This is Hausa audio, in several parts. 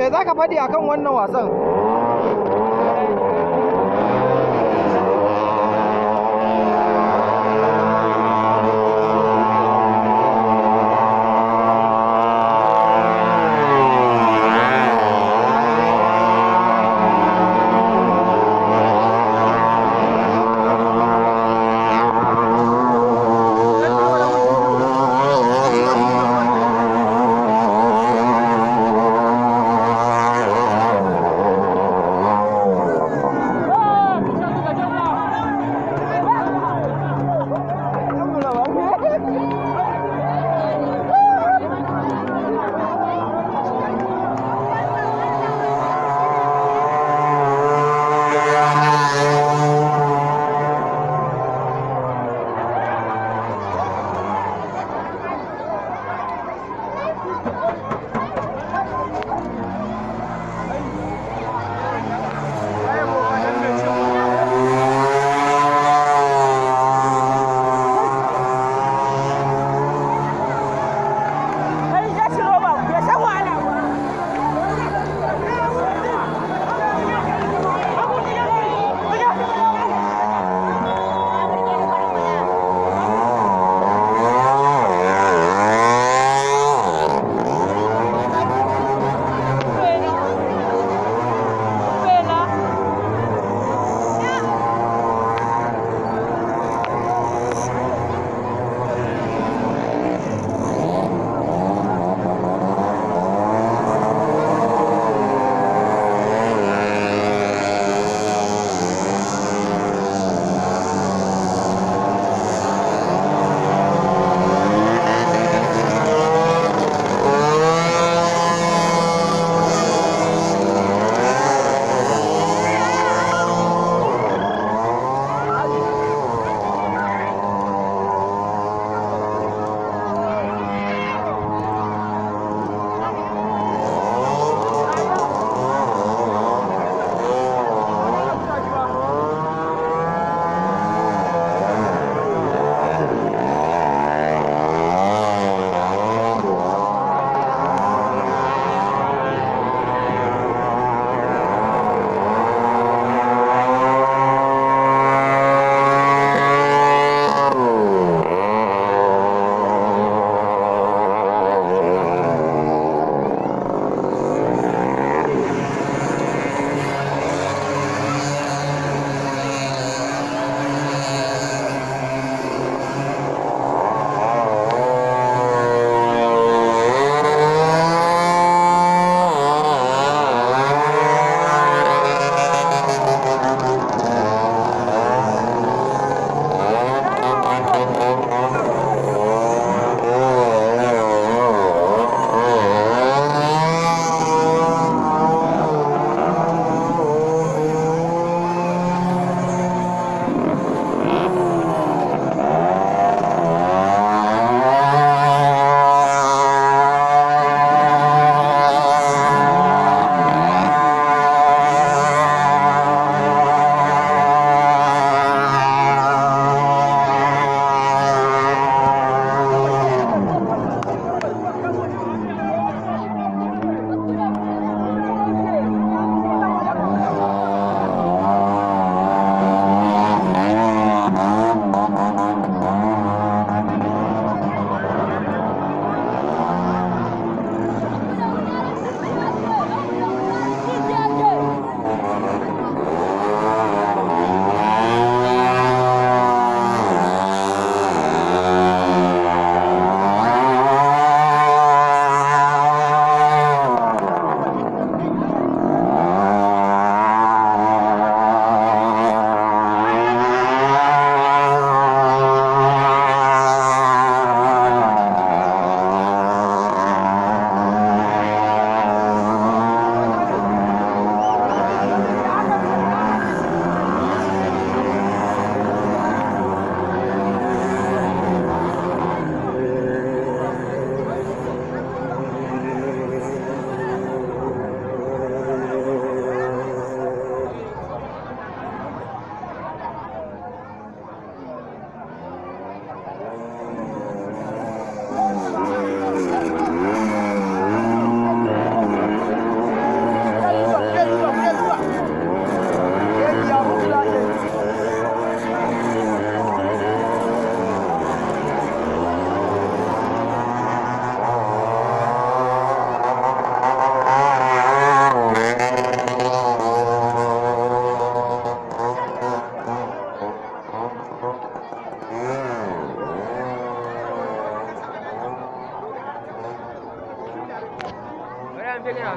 me za ka faɗi akan wannan wasan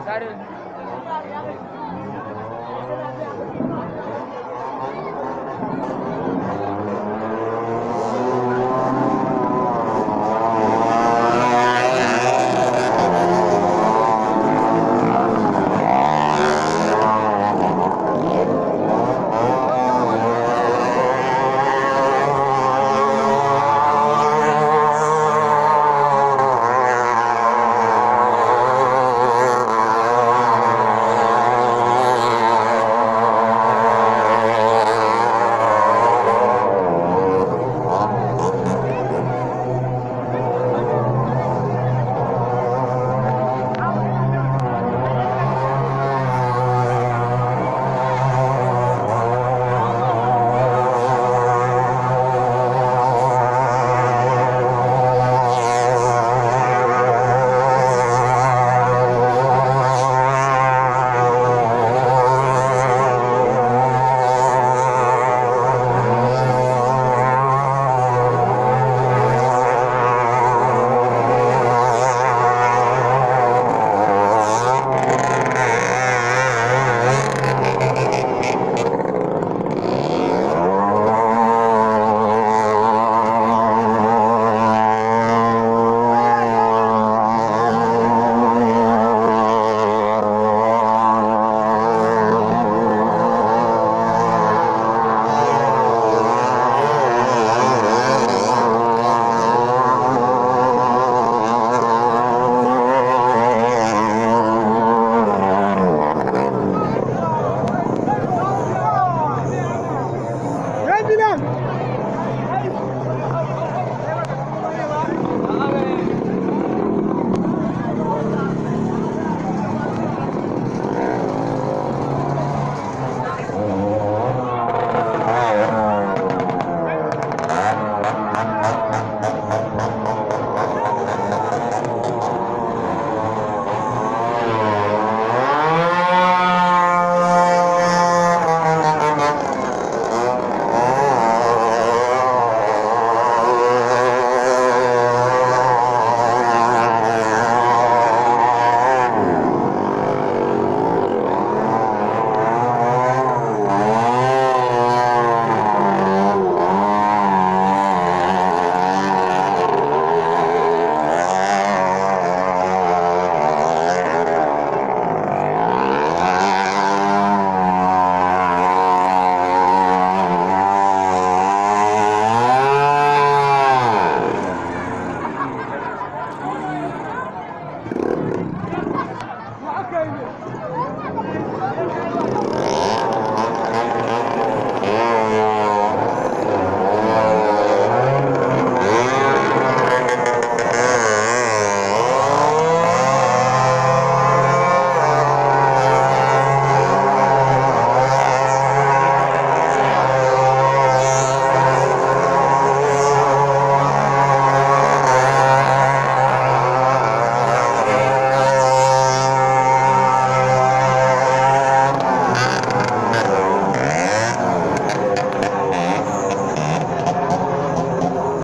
sir